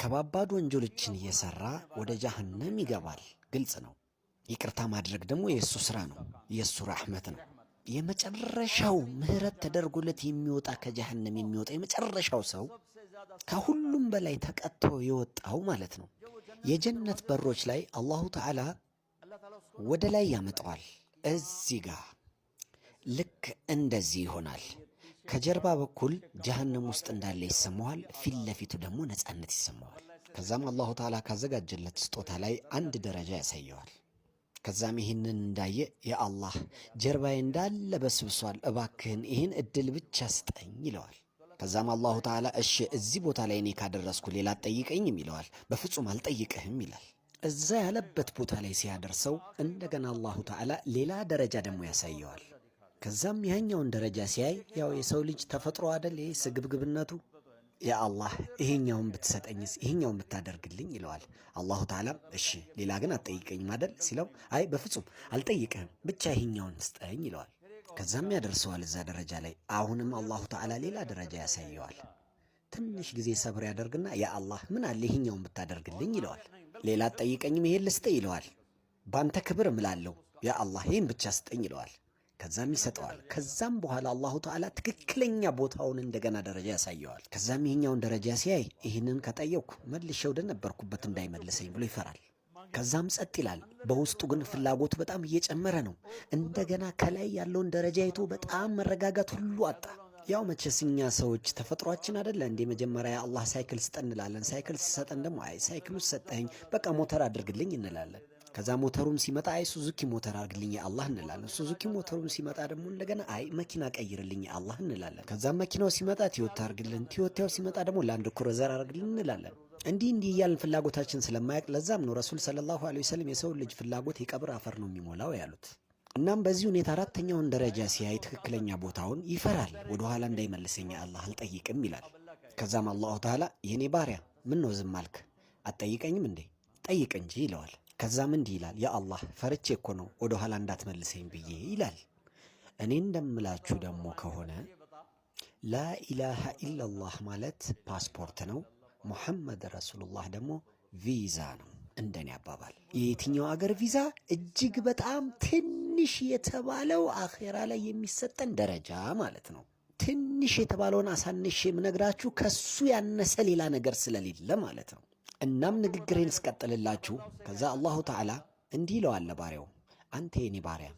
ከባባድ ወንጀሎችን እየሰራ ወደ ጀሃነም ይገባል። ግልጽ ነው። ይቅርታ ማድረግ ደግሞ የእሱ ስራ ነው፣ የእሱ ራሕመት ነው። የመጨረሻው ምህረት ተደርጎለት የሚወጣ ከጀሃነም የሚወጣ የመጨረሻው ሰው ከሁሉም በላይ ተቀጥቶ የወጣው ማለት ነው። የጀነት በሮች ላይ አላሁ ተዓላ ወደ ላይ ያመጣዋል። እዚህ ጋር ልክ እንደዚህ ይሆናል። ከጀርባ በኩል ጀሃነም ውስጥ እንዳለ ይሰማዋል፣ ፊት ለፊቱ ደግሞ ነፃነት ይሰማዋል። ከዛም አላሁ ተዓላ ካዘጋጀለት ስጦታ ላይ አንድ ደረጃ ያሳየዋል። ከዛም ይህንን እንዳየ የአላህ ጀርባዬ እንዳለ በስብሷል፣ እባክህን ይህን እድል ብቻ ስጠኝ ይለዋል። ከዛም አላሁ ተዓላ እሺ እዚህ ቦታ ላይ እኔ ካደረስኩ ሌላ አትጠይቀኝም ይለዋል። በፍጹም አልጠይቅህም ይላል። እዛ ያለበት ቦታ ላይ ሲያደርሰው እንደገና አላሁ ተዓላ ሌላ ደረጃ ደግሞ ያሳየዋል። ከዛም ያኛውን ደረጃ ሲያይ ያው የሰው ልጅ ተፈጥሮ አደል ይሄ ስግብግብነቱ። የአላህ ይሄኛውን ብትሰጠኝስ ይሄኛውን ብታደርግልኝ ይለዋል። አላሁ ተዓላ እሺ ሌላ ግን አትጠይቀኝም አደል ሲለው አይ በፍጹም አልጠይቅህም ብቻ ይሄኛውን ስጠኝ ይለዋል። ከዛም ያደርሰዋል እዛ ደረጃ ላይ። አሁንም አላሁ ተዓላ ሌላ ደረጃ ያሳየዋል። ትንሽ ጊዜ ሰብር ያደርግና የአላህ ምን አለ ይሄኛውን ብታደርግልኝ ይለዋል። ሌላ አትጠይቀኝም ይሄን ልስጥ ይለዋል። ባንተ ክብር እምላለሁ ያ ይህን ብቻ ስጠኝ ይለዋል። ከዛም ይሰጠዋል። ከዛም በኋላ አላሁ ተዓላ ትክክለኛ ቦታውን እንደገና ደረጃ ያሳየዋል። ከዛም ይሄኛውን ደረጃ ሲያይ ይህንን ከጠየቅኩ መልሼ ወደ ነበርኩበት እንዳይመልሰኝ ብሎ ይፈራል። ከዛም ጸጥ ይላል። በውስጡ ግን ፍላጎቱ በጣም እየጨመረ ነው። እንደገና ከላይ ያለውን ደረጃ አይቶ በጣም መረጋጋት ሁሉ አጣ። ያው መቼስ እኛ ሰዎች ተፈጥሯችን አደለ እንዴ? መጀመሪያ የአላህ ሳይክል ስጠን እንላለን። ሳይክል ስሰጠን ደግሞ አይ ሳይክሉ ሰጠኝ በቃ ሞተር አድርግልኝ እንላለን። ከዛ ሞተሩም ሲመጣ አይ ሱዙኪ ሞተር አርግልኝ አላህ እንላለን። ሱዙኪ ሞተሩም ሲመጣ ደግሞ እንደገና አይ መኪና ቀይርልኝ አላህ እንላለን። ከዛ መኪናው ሲመጣ ቲዮታ አድርግልን፣ ቲዮታው ሲመጣ ደግሞ ላንድ ክሩዘር አርግልን እንላለን። እንዲህ እንዲህ እያልን ፍላጎታችን ስለማያቅ ለዛም ነው ረሱል ሰለላሁ ዐለይሂ ወሰለም የሰው ልጅ ፍላጎት የቀብር አፈር ነው የሚሞላው ያሉት። እናም በዚህ ሁኔታ አራተኛውን ደረጃ ሲያይ ትክክለኛ ቦታውን ይፈራል። ወደኋላ እንዳይመልሰኝ አላህ አልጠይቅም ይላል። ከዛም አላሁ ተዓላ የኔ ባሪያ ምን ነው ዝም አልክ? አትጠይቀኝም እንዴ? ጠይቅ እንጂ ይለዋል። ከዛም እንዲህ ይላል፣ ያ አላህ ፈርቼ እኮ ነው ወደ ኋላ እንዳትመልሰኝ ብዬ ይላል። እኔ እንደምላችሁ ደግሞ ከሆነ ላኢላሃ ኢላላህ ማለት ፓስፖርት ነው። ሙሐመድ ረሱሉላህ ደግሞ ቪዛ ነው። እንደኔ አባባል የየትኛው አገር ቪዛ እጅግ በጣም ትንሽ የተባለው አኼራ ላይ የሚሰጠን ደረጃ ማለት ነው። ትንሽ የተባለውን አሳንሽ የምነግራችሁ ከሱ ያነሰ ሌላ ነገር ስለሌለ ማለት ነው። እናም ንግግሬን ስቀጥልላችሁ ከዛ አላሁ ተዓላ እንዲህ ይለዋል ለባሪያው፣ አንተ የኔ ባሪያ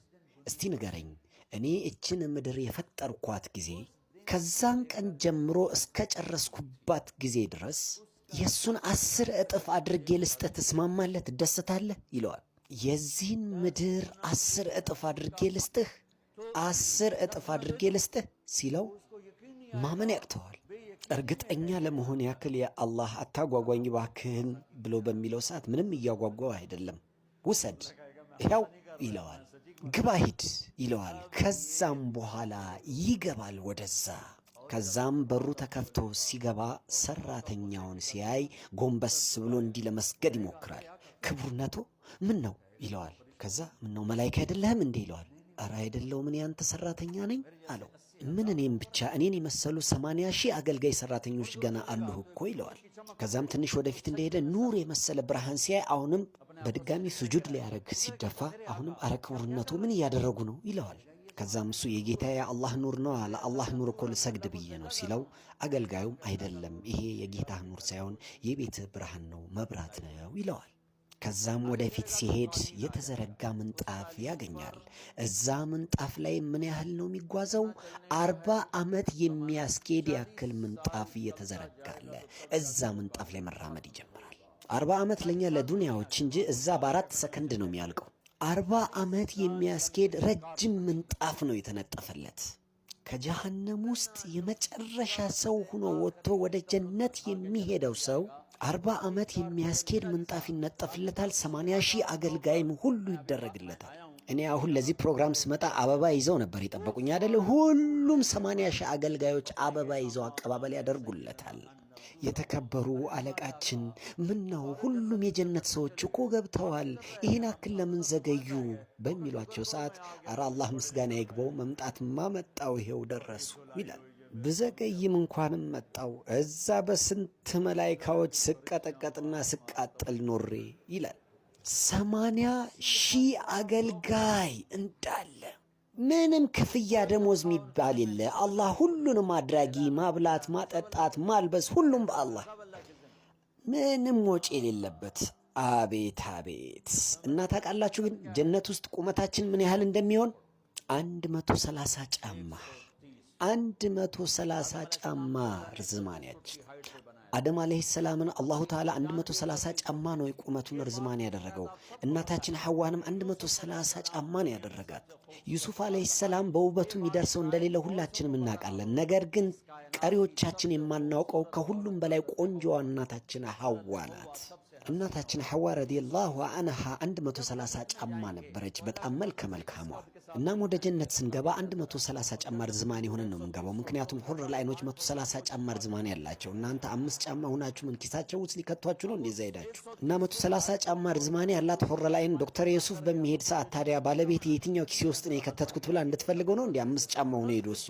እስቲ ንገረኝ እኔ እችን ምድር የፈጠርኳት ጊዜ ከዛን ቀን ጀምሮ እስከ ጨረስኩባት ጊዜ ድረስ የእሱን አስር እጥፍ አድርጌ ልስጠ ትስማማለህ? ትደሰታለህ? ይለዋል። የዚህን ምድር አስር እጥፍ አድርጌ ልስጥህ፣ አስር እጥፍ አድርጌ ልስጥህ ሲለው ማመን ያቅተዋል። እርግጠኛ ለመሆን ያክል የአላህ አታጓጓኝ ባክህን ብሎ በሚለው ሰዓት ምንም እያጓጓው አይደለም። ውሰድ ያው ይለዋል፣ ግባ ሂድ ይለዋል። ከዛም በኋላ ይገባል ወደዛ። ከዛም በሩ ተከፍቶ ሲገባ ሰራተኛውን ሲያይ ጎንበስ ብሎ እንዲህ ለመስገድ ይሞክራል። ክቡርነቶ ምን ነው ይለዋል። ከዛ ምን ነው መላይክ አይደለህም እንዲህ ይለዋል። ኧረ አይደለውም እኔ ያንተ ሰራተኛ ነኝ አለው። ምን እኔም ብቻ እኔን የመሰሉ ሰማንያ ሺህ አገልጋይ ሰራተኞች ገና አሉ እኮ ይለዋል። ከዛም ትንሽ ወደፊት እንደሄደ ኑር የመሰለ ብርሃን ሲያይ አሁንም በድጋሚ ስጁድ ሊያደረግ ሲደፋ አሁንም አረ ክቡርነቱ ምን እያደረጉ ነው ይለዋል። ከዛም እሱ የጌታ የአላህ ኑር ነው ለአላህ ኑር እኮ ልሰግድ ብዬ ነው ሲለው፣ አገልጋዩም አይደለም ይሄ የጌታ ኑር ሳይሆን የቤት ብርሃን ነው መብራት ነው ይለዋል። ከዛም ወደፊት ሲሄድ የተዘረጋ ምንጣፍ ያገኛል። እዛ ምንጣፍ ላይ ምን ያህል ነው የሚጓዘው? አርባ ዓመት የሚያስኬድ ያክል ምንጣፍ እየተዘረጋ አለ። እዛ ምንጣፍ ላይ መራመድ ይጀምራል። አርባ ዓመት ለእኛ ለዱንያዎች እንጂ እዛ በአራት ሰከንድ ነው የሚያልቀው። አርባ ዓመት የሚያስኬድ ረጅም ምንጣፍ ነው የተነጠፈለት። ከጀሃነም ውስጥ የመጨረሻ ሰው ሆኖ ወጥቶ ወደ ጀነት የሚሄደው ሰው አርባ ዓመት የሚያስኬድ ምንጣፍ ይነጠፍለታል። ሰማንያ ሺህ አገልጋይም ሁሉ ይደረግለታል። እኔ አሁን ለዚህ ፕሮግራም ስመጣ አበባ ይዘው ነበር የጠበቁኝ አደለ? ሁሉም ሰማንያ ሺህ አገልጋዮች አበባ ይዘው አቀባበል ያደርጉለታል። የተከበሩ አለቃችን፣ ምን ነው ሁሉም የጀነት ሰዎች እኮ ገብተዋል፣ ይህን አክል ለምን ዘገዩ? በሚሏቸው ሰዓት አረ አላህ ምስጋና ይግባው መምጣትማ መጣው፣ ይሄው ደረሱ ይላል። ብዘገይም እንኳንም መጣው እዛ በስንት መላይካዎች ስቀጠቀጥና ስቃጠል ኖሬ ይላል። ሰማንያ ሺህ አገልጋይ እንዳለ ምንም ክፍያ ደሞዝ የሚባል የለ። አላህ ሁሉንም አድራጊ፣ ማብላት፣ ማጠጣት፣ ማልበስ ሁሉም በአላህ ምንም ወጪ የሌለበት አቤት አቤት! እና ታውቃላችሁ ግን ጀነት ውስጥ ቁመታችን ምን ያህል እንደሚሆን አንድ መቶ ሰላሳ ጫማ አንድ መቶ ሰላሳ ጫማ ርዝማኔያችን አደም አለይሂ ሰላምን አላሁ ተዓላ 130 ጫማ ነው የቁመቱን ርዝማኔ ያደረገው። እናታችን ሐዋንም 130 ጫማ ነው ያደረጋት። ዩሱፍ አለይሂ ሰላም በውበቱ የሚደርሰው እንደሌለ ሁላችንም እናውቃለን። ነገር ግን ቀሪዎቻችን የማናውቀው ከሁሉም በላይ ቆንጆዋ እናታችን ሐዋ ናት። እናታችን ሐዋ ረዲየላሁ አንሃ 130 ጫማ ነበረች። በጣም መልከ መልካሟ እናም ወደ ጀነት ስንገባ 130 ጫማር ዝማን የሆነን ነው የምንገባው። ምክንያቱም ሁር ላይኖች 130 ጫማር ዝማን ያላቸው እናንተ አምስት ጫማ ሆናችሁ ምን ኪሳቸው ውስጥ ሊከቷችሁ ነው? እንደዛ ሄዳችሁ እና 130 ጫማር ዝማን ያላት ሁር ላይን ዶክተር የሱፍ በሚሄድ ሰዓት ታዲያ ባለቤት የትኛው ኪሴ ውስጥ ነው የከተትኩት ብላ እንድትፈልገው ነው እንዲ አምስት ጫማ ሆነ ሄዶ እሱ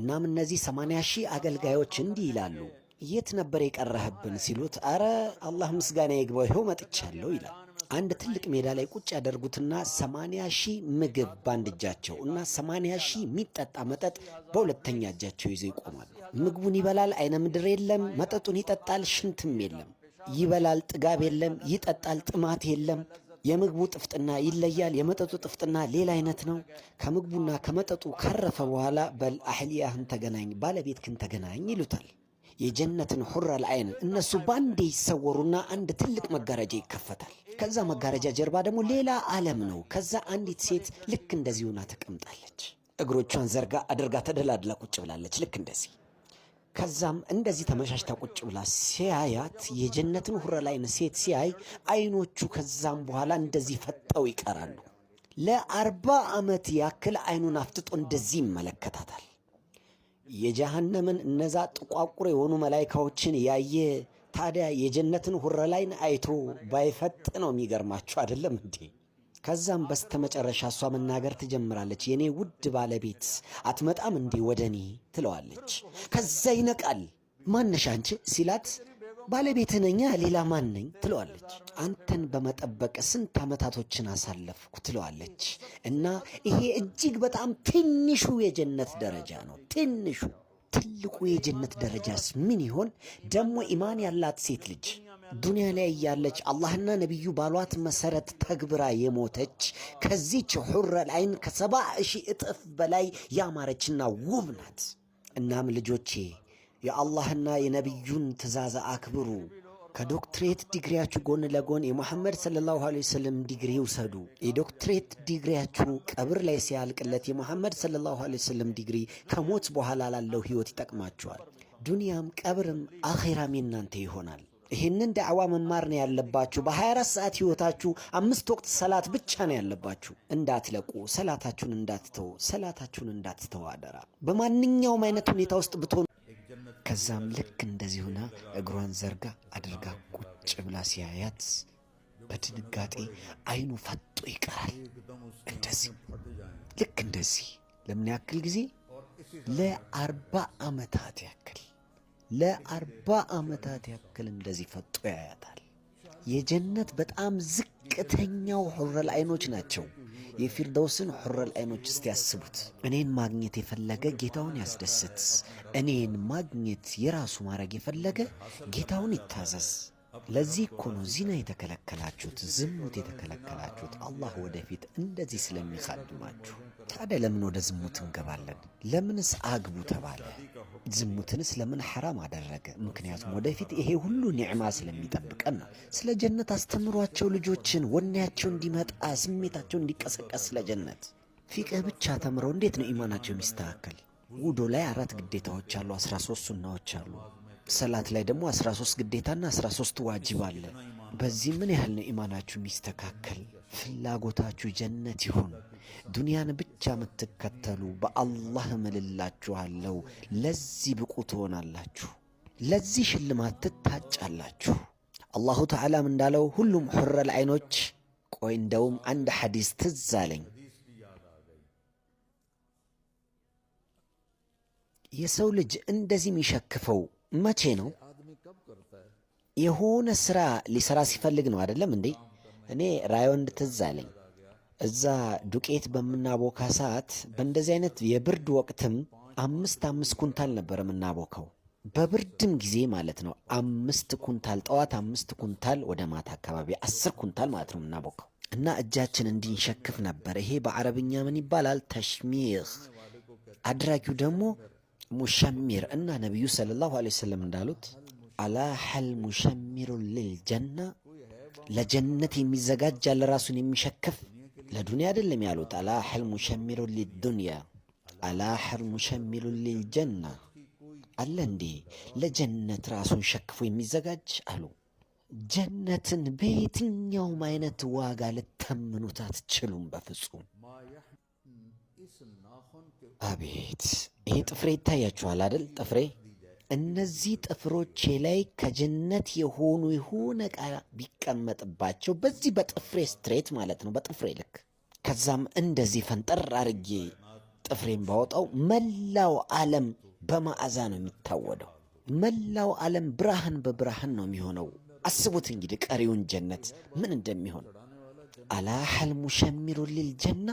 እናም እነዚህ 80 ሺህ አገልጋዮች እንዲህ ይላሉ የት ነበር የቀረህብን ሲሉት፣ አረ አላህ ምስጋና ይግባው ይኸው መጥቻለሁ ይላል። አንድ ትልቅ ሜዳ ላይ ቁጭ ያደርጉትና ሰማንያ ሺህ ምግብ በአንድ እጃቸው እና ሰማንያ ሺህ የሚጠጣ መጠጥ በሁለተኛ እጃቸው ይዘው ይቆማሉ። ምግቡን ይበላል፣ አይነ ምድር የለም። መጠጡን ይጠጣል፣ ሽንትም የለም። ይበላል፣ ጥጋብ የለም። ይጠጣል፣ ጥማት የለም። የምግቡ ጥፍጥና ይለያል። የመጠጡ ጥፍጥና ሌላ አይነት ነው። ከምግቡና ከመጠጡ ካረፈ በኋላ በል አህልያህን ተገናኝ፣ ባለቤትክን ተገናኝ ይሉታል። የጀነትን ሁረል አይን እነሱ ባንዴ ይሰወሩና አንድ ትልቅ መጋረጃ ይከፈታል። ከዛ መጋረጃ ጀርባ ደግሞ ሌላ ዓለም ነው። ከዛ አንዲት ሴት ልክ እንደዚህ ሆና ተቀምጣለች። እግሮቿን ዘርጋ አድርጋ ተደላድላ ቁጭ ብላለች፣ ልክ እንደዚህ። ከዛም እንደዚህ ተመሻሽታ ቁጭ ብላ ሲያያት የጀነትን ሁረል አይን ሴት ሲያይ አይኖቹ ከዛም በኋላ እንደዚህ ፈጠው ይቀራሉ። ለአርባ ዓመት ያክል አይኑን አፍጥጦ እንደዚህ ይመለከታታል። የጀሃነምን እነዛ ጥቋቁር የሆኑ መላይካዎችን ያየ ታዲያ የጀነትን ሁረ ላይን አይቶ ባይፈጥ ነው የሚገርማችሁ አይደለም እንዴ? ከዛም በስተመጨረሻ እሷ መናገር ትጀምራለች። የኔ ውድ ባለቤት አትመጣም እንዴ ወደ እኔ ትለዋለች። ከዛ ይነቃል። ማነሻ አንቺ ሲላት ባለቤት ነኛ ሌላ ማን ነኝ ትለዋለች። አንተን በመጠበቅ ስንት ዓመታቶችን አሳለፍኩ ትለዋለች። እና ይሄ እጅግ በጣም ትንሹ የጀነት ደረጃ ነው። ትንሹ ትልቁ የጀነት ደረጃስ ምን ይሆን? ደግሞ ኢማን ያላት ሴት ልጅ ዱንያ ላይ እያለች አላህና ነቢዩ ባሏት መሰረት ተግብራ የሞተች ከዚች ሑረል ላይን ከሰባ ሺህ እጥፍ በላይ ያማረችና ውብ ናት። እናም ልጆቼ የአላህና የነቢዩን ትእዛዝ አክብሩ። ከዶክትሬት ዲግሪያችሁ ጎን ለጎን የሙሐመድ ሰለላሁ ዐለይሂ ወሰለም ዲግሪ ውሰዱ የዶክትሬት ዲግሪያችሁ ቀብር ላይ ሲያልቅለት የሙሐመድ ሰለላሁ ዐለይሂ ወሰለም ዲግሪ ከሞት በኋላ ላለው ሕይወት ይጠቅማቸዋል። ዱንያም ቀብርም አኼራም የናንተ ይሆናል። ይህንን ዳዕዋ መማር ነው ያለባችሁ። በ24 ሰዓት ሕይወታችሁ አምስት ወቅት ሰላት ብቻ ነው ያለባችሁ። እንዳትለቁ፣ ሰላታችሁን እንዳትተው፣ ሰላታችሁን እንዳትተው አደራ። በማንኛውም አይነት ሁኔታ ውስጥ ብትሆኑ ከዛም ልክ እንደዚህ ሆና እግሯን ዘርጋ አድርጋ ቁጭ ብላ ሲያያት በድንጋጤ አይኑ ፈጦ ይቀራል። እንደዚህ ልክ እንደዚህ ለምን ያክል ጊዜ? ለአርባ ዓመታት ያክል ለአርባ ዓመታት ያክል እንደዚህ ፈጦ ያያታል። የጀነት በጣም ዝቅተኛው ሁረል አይኖች ናቸው። የፊርደውስን ሁረል አይኖች እስቲ ያስቡት። እኔን ማግኘት የፈለገ ጌታውን ያስደስት። እኔን ማግኘት የራሱ ማድረግ የፈለገ ጌታውን ይታዘዝ። ለዚህ እኮ ነው ዚና የተከለከላችሁት፣ ዝሙት የተከለከላችሁት። አላህ ወደፊት እንደዚህ ስለሚሳድማችሁ። ታዲያ ለምን ወደ ዝሙት እንገባለን? ለምንስ አግቡ ተባለ? ዝሙትንስ ለምን ሐራም አደረገ? ምክንያቱም ወደፊት ይሄ ሁሉ ኒዕማ ስለሚጠብቀን ነው። ስለ ጀነት አስተምሯቸው ልጆችን፣ ወኔያቸው እንዲመጣ፣ ስሜታቸው እንዲቀሰቀስ ስለ ጀነት። ፊቅህ ብቻ ተምረው እንዴት ነው ኢማናቸው የሚስተካከል? ውዶ ላይ አራት ግዴታዎች አሉ፣ አስራ ሶስት ሱናዎች አሉ። ሰላት ላይ ደግሞ 13 ግዴታና 13 ዋጅብ አለ። በዚህ ምን ያህል ነው ኢማናችሁ የሚስተካከል? ፍላጎታችሁ ጀነት ይሁን። ዱንያን ብቻ የምትከተሉ በአላህ እምልላችኋለሁ፣ ለዚህ ብቁ ትሆናላችሁ፣ ለዚህ ሽልማት ትታጫላችሁ። አላሁ ተዓላም እንዳለው ሁሉም ሑረል ዐይኖች። ቆይ እንደውም አንድ ሐዲስ ትዝ አለኝ። የሰው ልጅ እንደዚህ የሚሸክፈው መቼ ነው? የሆነ ስራ ሊሰራ ሲፈልግ ነው አይደለም እንዴ? እኔ ራዮን ትዝ አለኝ። እዛ ዱቄት በምናቦካ ሰዓት በእንደዚህ አይነት የብርድ ወቅትም አምስት አምስት ኩንታል ነበር የምናቦካው በብርድም ጊዜ ማለት ነው። አምስት ኩንታል ጠዋት፣ አምስት ኩንታል ወደ ማታ አካባቢ አስር ኩንታል ማለት ነው የምናቦካው እና እጃችን እንዲንሸክፍ ነበር። ይሄ በአረብኛ ምን ይባላል? ተሽሚህ። አድራጊው ደግሞ ሙሸሚር እና ነቢዩ ሰለላሁ ዐለይሂ ወሰለም እንዳሉት አላሐል ሙሸሚሩ ልልጀና ለጀነት የሚዘጋጅ አለ ራሱን የሚሸክፍ ለዱንያ አይደለም ያሉት። አላሐል ሙሸሚሩ ልዱንያ አላሐል ሙሸሚሩ ልልጀና አለ እንዴ ለጀነት ራሱን ሸክፎ የሚዘጋጅ አሉ። ጀነትን በየትኛውም አይነት ዋጋ ልታምኑት አትችሉም በፍጹም። አቤት ይሄ ጥፍሬ ይታያችኋል አይደል? ጥፍሬ እነዚህ ጥፍሮቼ ላይ ከጀነት የሆኑ የሆነ ዕቃ ቢቀመጥባቸው በዚህ በጥፍሬ ስትሬት ማለት ነው፣ በጥፍሬ ልክ ከዛም እንደዚህ ፈንጠር አርጌ ጥፍሬን ባወጣው መላው ዓለም በመዓዛ ነው የሚታወደው። መላው ዓለም ብርሃን በብርሃን ነው የሚሆነው። አስቡት እንግዲህ ቀሪውን ጀነት ምን እንደሚሆን አላ ሐልሙ ሸሚሩ ሊል ጀና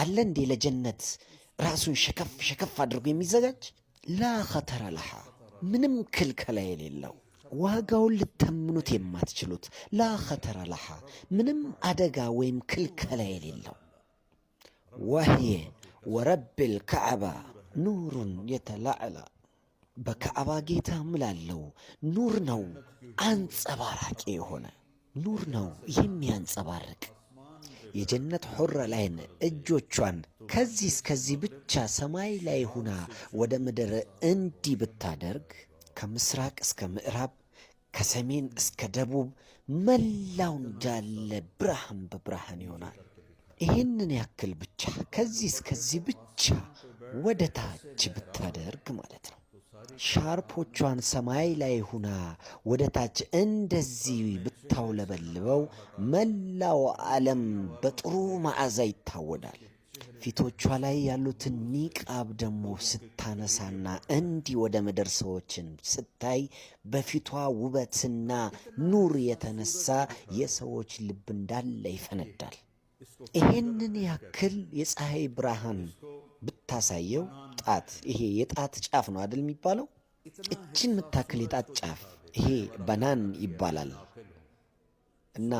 አለ እንዴ ለጀነት ራሱን ሸከፍ ሸከፍ አድርጎ የሚዘጋጅ ላ ኸተረ ለሃ ምንም ክልከላ የሌለው ዋጋውን ልተምኑት የማትችሉት ላ ኸተረ ለሃ ምንም አደጋ ወይም ክልከላ የሌለው ወህየ ወረብል ልከዕባ ኑሩን የተላዕላ በከዕባ ጌታ ምላለው ኑር ነው አንጸባራቂ የሆነ ኑር ነው የሚያንጸባርቅ የጀነት ሑር ላይን እጆቿን ከዚህ እስከዚህ ብቻ ሰማይ ላይ ሁና ወደ ምድር እንዲህ ብታደርግ ከምስራቅ እስከ ምዕራብ ከሰሜን እስከ ደቡብ መላው እንዳለ ብርሃን በብርሃን ይሆናል። ይህንን ያክል ብቻ ከዚህ እስከዚህ ብቻ ወደ ታች ብታደርግ ማለት ነው። ሻርፖቿን ሰማይ ላይ ሁና ወደ ታች እንደዚህ ብታውለበልበው መላው ዓለም በጥሩ መዓዛ ይታወዳል። ፊቶቿ ላይ ያሉትን ኒቃብ ደግሞ ስታነሳና እንዲህ ወደ ምድር ሰዎችን ስታይ በፊቷ ውበትና ኑር የተነሳ የሰዎች ልብ እንዳለ ይፈነዳል። ይህንን ያክል የፀሐይ ብርሃን ብታሳየው ጣት ይሄ የጣት ጫፍ ነው አይደል የሚባለው? እችን የምታክል የጣት ጫፍ ይሄ በናን ይባላል። እና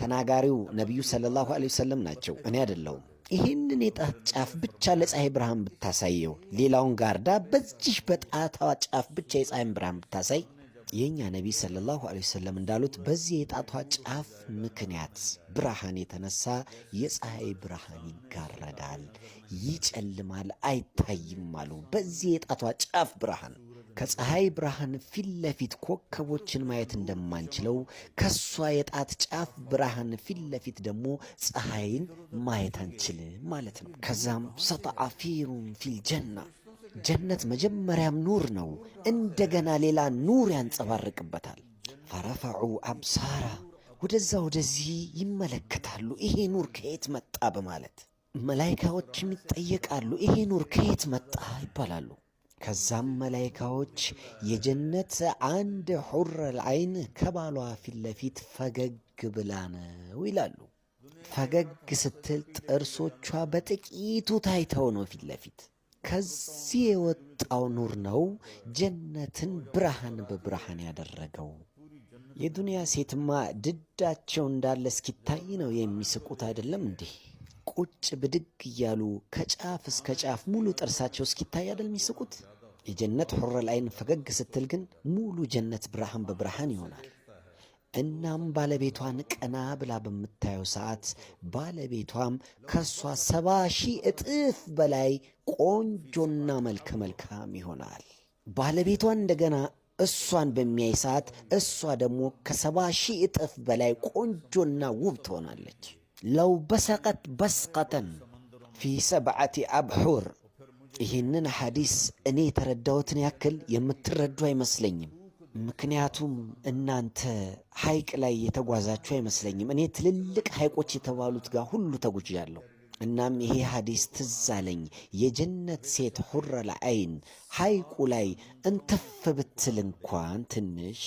ተናጋሪው ነቢዩ ሰለላሁ ዐለይሂ ወሰለም ናቸው፣ እኔ አይደለሁም። ይህንን የጣት ጫፍ ብቻ ለፀሐይ ብርሃን ብታሳየው፣ ሌላውን ጋርዳ በዚህ በጣቷ ጫፍ ብቻ የፀሐይን ብርሃን ብታሳይ የእኛ ነቢይ ሰለላሁ ዐለይሂ ወሰለም እንዳሉት በዚህ የጣቷ ጫፍ ምክንያት ብርሃን የተነሳ የፀሐይ ብርሃን ይጋረዳል፣ ይጨልማል፣ አይታይም አሉ። በዚህ የጣቷ ጫፍ ብርሃን ከፀሐይ ብርሃን ፊት ለፊት ኮከቦችን ማየት እንደማንችለው ከሷ የጣት ጫፍ ብርሃን ፊት ለፊት ደግሞ ፀሐይን ማየት አንችልም ማለት ነው። ከዛም ሰጠአ ፊሩን ጀነት መጀመሪያም ኑር ነው። እንደገና ሌላ ኑር ያንጸባርቅበታል። ፈረፈዑ አብሳራ ወደዛ ወደዚህ ይመለከታሉ። ይሄ ኑር ከየት መጣ በማለት መላይካዎችም ይጠየቃሉ። ይሄ ኑር ከየት መጣ ይባላሉ። ከዛም መላይካዎች የጀነት አንድ ሑረል አይን ከባሏ ፊት ለፊት ፈገግ ብላ ነው ይላሉ። ፈገግ ስትል ጥርሶቿ በጥቂቱ ታይተው ነው ፊት ለፊት ከዚህ የወጣው ኑር ነው ጀነትን ብርሃን በብርሃን ያደረገው። የዱንያ ሴትማ ድዳቸው እንዳለ እስኪታይ ነው የሚስቁት። አይደለም እንዲህ ቁጭ ብድግ እያሉ ከጫፍ እስከ ጫፍ ሙሉ ጥርሳቸው እስኪታይ አይደል የሚስቁት። የጀነት ሑረል አይን ፈገግ ስትል ግን ሙሉ ጀነት ብርሃን በብርሃን ይሆናል። እናም ባለቤቷን ቀና ብላ በምታየው ሰዓት ባለቤቷም ከእሷ ሰባ ሺህ እጥፍ በላይ ቆንጆና መልከ መልካም ይሆናል። ባለቤቷን እንደገና እሷን በሚያይ ሰዓት እሷ ደግሞ ከሰባ ሺህ እጥፍ በላይ ቆንጆና ውብ ትሆናለች። ለው በሰቀት በስቀተን ፊ ሰብዓቲ አብሑር ይህንን ሐዲስ እኔ የተረዳሁትን ያክል የምትረዱ አይመስለኝም። ምክንያቱም እናንተ ሀይቅ ላይ የተጓዛችሁ አይመስለኝም። እኔ ትልልቅ ሀይቆች የተባሉት ጋር ሁሉ ተጉዣለሁ። እናም ይሄ ሀዲስ ትዝ አለኝ። የጀነት ሴት ሁረ አይን ሀይቁ ላይ እንትፍ ብትል እንኳን ትንሽ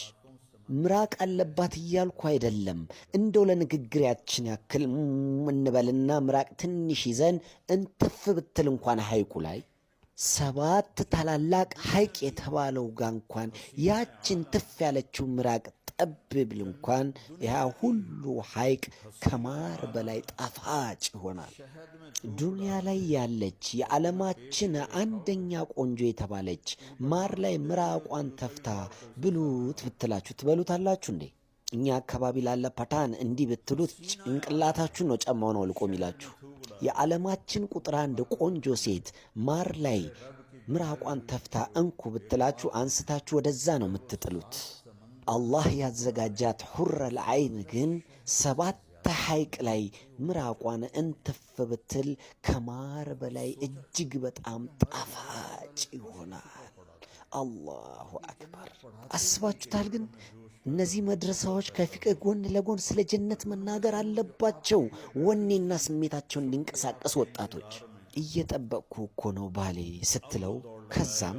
ምራቅ አለባት እያልኩ አይደለም። እንደው ለንግግር ያችን ያክል እንበልና ምራቅ ትንሽ ይዘን እንትፍ ብትል እንኳን ሀይቁ ላይ ሰባት ታላላቅ ሐይቅ የተባለው ጋ እንኳን ያችን ትፍ ያለችው ምራቅ ጠብ ብል እንኳን ያ ሁሉ ሐይቅ ከማር በላይ ጣፋጭ ይሆናል። ዱንያ ላይ ያለች የዓለማችን አንደኛ ቆንጆ የተባለች ማር ላይ ምራቋን ተፍታ ብሉት ብትላችሁ ትበሉታላችሁ እንዴ? እኛ አካባቢ ላለ ፓታን እንዲህ ብትሉት ጭንቅላታችሁን ነው ጨማው ነው ልቆም ይላችሁ። የዓለማችን ቁጥር አንድ ቆንጆ ሴት ማር ላይ ምራቋን ተፍታ እንኩ ብትላችሁ አንስታችሁ ወደዛ ነው የምትጥሉት። አላህ ያዘጋጃት ሁረል አይን ግን ሰባት ሐይቅ ላይ ምራቋን እንትፍ ብትል ከማር በላይ እጅግ በጣም ጣፋጭ ይሆናል። አላሁ አክበር አስባችሁታል ግን እነዚህ መድረሳዎች ከፊቅህ ጎን ለጎን ስለ ጀነት መናገር አለባቸው። ወኔና ስሜታቸውን ሊንቀሳቀስ ወጣቶች እየጠበቅኩ እኮ ነው ባሌ ስትለው፣ ከዛም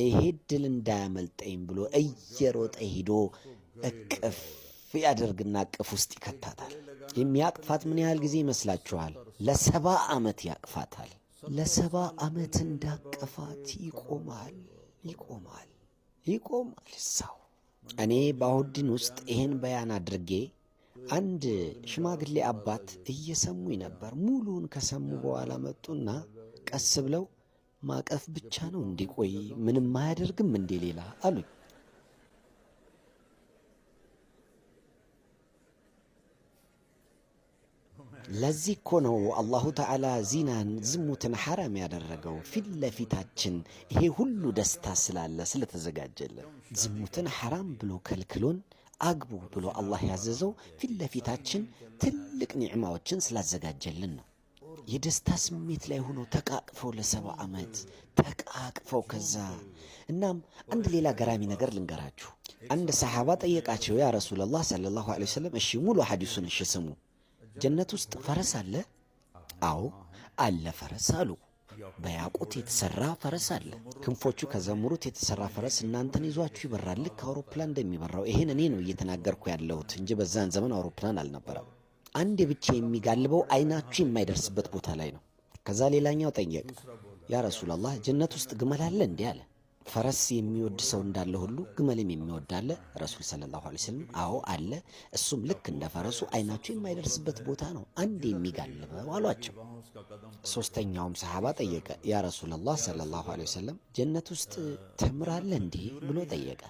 ይሄ ድል እንዳያመልጠኝ ብሎ እየሮጠ ሂዶ እቅፍ ያደርግና እቅፍ ውስጥ ይከታታል። የሚያቅፋት ምን ያህል ጊዜ ይመስላችኋል? ለሰባ ዓመት ያቅፋታል። ለሰባ ዓመት እንዳቀፋት ይቆማል ይቆማል ይቆማል እሳው እኔ በአሁዲን ውስጥ ይሄን በያን አድርጌ አንድ ሽማግሌ አባት እየሰሙኝ ነበር። ሙሉውን ከሰሙ በኋላ መጡና ቀስ ብለው ማቀፍ ብቻ ነው እንዲቆይ ምንም አያደርግም እንዴ ሌላ አሉኝ። ለዚህ እኮ ነው አላሁ ተዓላ ዚናን ዝሙትን ሐራም ያደረገው ፊት ለፊታችን ይሄ ሁሉ ደስታ ስላለ ስለተዘጋጀልን። ዝሙትን ሐራም ብሎ ከልክሎን አግቡ ብሎ አላህ ያዘዘው ፊት ለፊታችን ትልቅ ኒዕማዎችን ስላዘጋጀልን ነው። የደስታ ስሜት ላይ ሆኖ ተቃቅፈው ለሰባ ዓመት ተቃቅፈው ከዛ። እናም አንድ ሌላ ገራሚ ነገር ልንገራችሁ። አንድ ሰሓባ ጠየቃቸው፣ ያ ረሱለላህ ሰለላሁ ዐለይሂ ወሰለም። እሺ ሙሉ ሐዲሱን እሺ ስሙ ጀነት ውስጥ ፈረስ አለ? አዎ አለ ፈረስ አሉ። በያቁት የተሰራ ፈረስ አለ። ክንፎቹ ከዘምሩት የተሰራ ፈረስ እናንተን ይዟችሁ ይበራል፣ ልክ አውሮፕላን እንደሚበራው። ይሄን እኔ ነው እየተናገርኩ ያለሁት እንጂ በዛን ዘመን አውሮፕላን አልነበረም። አንድ ብቻ የሚጋልበው አይናችሁ የማይደርስበት ቦታ ላይ ነው። ከዛ ሌላኛው ጠየቅ፣ ያ ረሱላላህ ጀነት ውስጥ ግመል አለ? እንዲህ አለ ፈረስ የሚወድ ሰው እንዳለ ሁሉ ግመልም የሚወድ አለ። ረሱል ሰለላሁ ዐለይሂ ወሰለም አዎ አለ። እሱም ልክ እንደ ፈረሱ አይናቸው የማይደርስበት ቦታ ነው አንድ የሚጋልበው አሏቸው። ሶስተኛውም ሰሐባ ጠየቀ፣ ያ ረሱላላህ ሰለላሁ ዐለይሂ ወሰለም ጀነት ውስጥ ትምራለ እንዲህ ብሎ ጠየቀ።